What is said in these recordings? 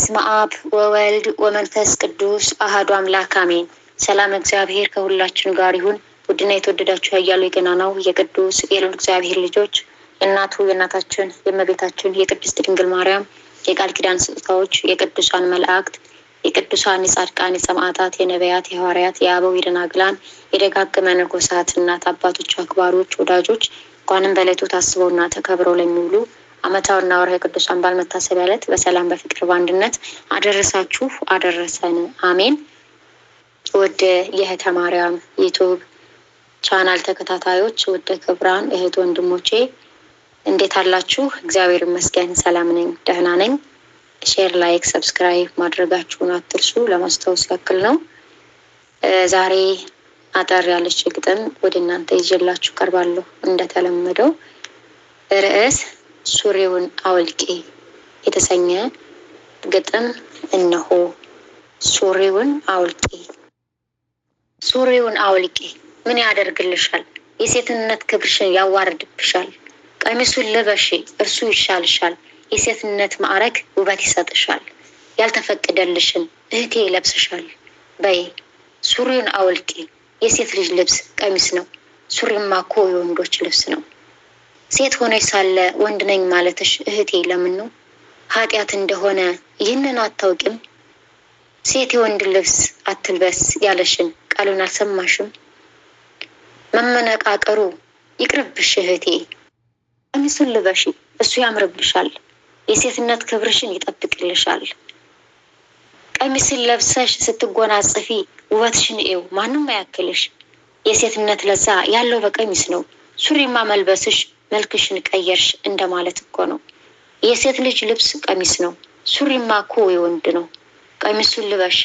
በስመ አብ ወወልድ ወመንፈስ ቅዱስ አህዱ አምላክ አሜን። ሰላም እግዚአብሔር ከሁላችን ጋር ይሁን። ውድና የተወደዳችሁ ያያሉ የገና ነው የቅዱስ የልዑል እግዚአብሔር ልጆች እናቱ የእናታችን የእመቤታችን የቅድስት ድንግል ማርያም የቃል ኪዳን ስጦታዎች የቅዱሳን መላእክት የቅዱሳን የጻድቃን የሰማዕታት የነቢያት የሐዋርያት የአበው የደናግላን የደጋግ መነኮሳት እናት አባቶች አክባሪዎች ወዳጆች እንኳንም በዕለቱ ታስበውና ተከብረው ለሚውሉ ዓመታዊና ወርሃዊ ቅዱሳን በዓል መታሰቢያ ዕለት በሰላም በፍቅር በአንድነት አደረሳችሁ አደረሰን፣ አሜን። ወደ የእህተ ማርያም ዩቱብ ቻናል ተከታታዮች፣ ወደ ክብራን እህት ወንድሞቼ እንዴት አላችሁ? እግዚአብሔር ይመስገን ሰላም ነኝ፣ ደህና ነኝ። ሼር፣ ላይክ፣ ሰብስክራይብ ማድረጋችሁን አትርሱ። ለማስታወስ ያክል ነው። ዛሬ አጠር ያለች ግጥም ወደ እናንተ ይዤላችሁ ቀርባለሁ። እንደተለመደው ርዕስ ሱሪውን አውልቂ የተሰኘ ግጥም እነሆ። ሱሪውን አውልቂ ሱሪውን አውልቂ ምን ያደርግልሻል? የሴትነት ክብርሽን ያዋርድብሻል። ቀሚሱን ልበሺ እርሱ ይሻልሻል። የሴትነት ማዕረግ ውበት ይሰጥሻል። ያልተፈቀደልሽን እህቴ ይለብስሻል። በይ ሱሪውን አውልቂ። የሴት ልጅ ልብስ ቀሚስ ነው። ሱሪማ እኮ የወንዶች ልብስ ነው። ሴት ሆነች ሳለ ወንድ ነኝ ማለትሽ እህቴ ለምን ነው? ኃጢአት እንደሆነ ይህንን አታውቂም? ሴት የወንድ ልብስ አትልበስ ያለሽን ቃሉን አልሰማሽም? መመነቃቀሩ ይቅርብሽ እህቴ፣ ቀሚሱን ልበሺ፣ እሱ ያምርብሻል፣ የሴትነት ክብርሽን ይጠብቅልሻል። ቀሚስን ለብሰሽ ስትጎናጽፊ ውበትሽን እዩ፣ ማንም አያክልሽ። የሴትነት ለዛ ያለው በቀሚስ ነው። ሱሪማ መልበስሽ መልክሽን ቀየርሽ እንደማለት እኮ ነው። የሴት ልጅ ልብስ ቀሚስ ነው። ሱሪማ እኮ የወንድ ነው። ቀሚሱን ልበሽ፣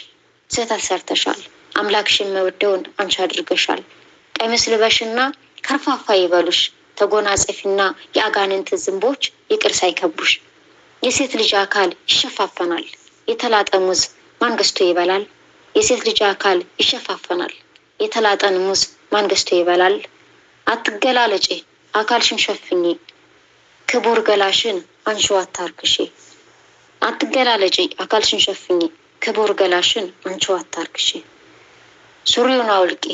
ስህተት ሰርተሻል። አምላክሽን መወደውን አንቺ አድርገሻል። ቀሚስ ልበሽና ከርፋፋ ይበሉሽ፣ ተጎናጸፊና የአጋንንት ዝንቦች ይቅር ሳይከቡሽ። የሴት ልጅ አካል ይሸፋፈናል። የተላጠ ሙዝ ማንገስቶ ይበላል? የሴት ልጅ አካል ይሸፋፈናል። የተላጠን ሙዝ ማንገስቶ ይበላል? አትገላለጪ አካልሽን ሸፍኚ፣ ክቡር ገላሽን አንሺው አታርክሺ። አትገላለጪ፣ አካልሽን ሸፍኚ፣ ክቡር ገላሽን አንሺው አታርክሺ። ሱሪውን አውልቂ።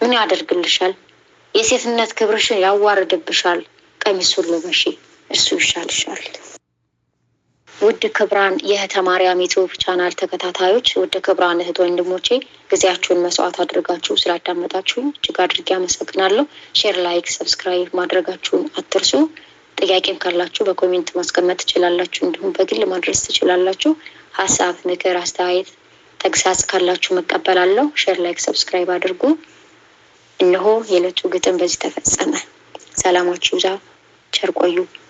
ምን ያደርግልሻል? የሴትነት ክብርሽን ያዋርድብሻል። ቀሚሱን ልበሺ። እሱ ይሻልሻል። ውድ ክብራን የእህተ ማርያም ዩቲዩብ ቻናል ተከታታዮች፣ ውድ ክብራን እህት ወንድሞቼ ጊዜያችሁን መስዋዕት አድርጋችሁ ስላዳመጣችሁኝ እጅግ አድርጌ አመሰግናለሁ። ሼር፣ ላይክ፣ ሰብስክራይብ ማድረጋችሁን አትርሱ። ጥያቄም ካላችሁ በኮሜንት ማስቀመጥ ትችላላችሁ። እንዲሁም በግል ማድረስ ትችላላችሁ። ሀሳብ፣ ምክር፣ አስተያየት፣ ተግሳጽ ካላችሁ መቀበላለሁ። ሼር፣ ላይክ፣ ሰብስክራይብ አድርጉ። እነሆ የዕለቱ ግጥም በዚህ ተፈጸመ። ሰላማችሁ ይብዛ። ቸር ቆዩ።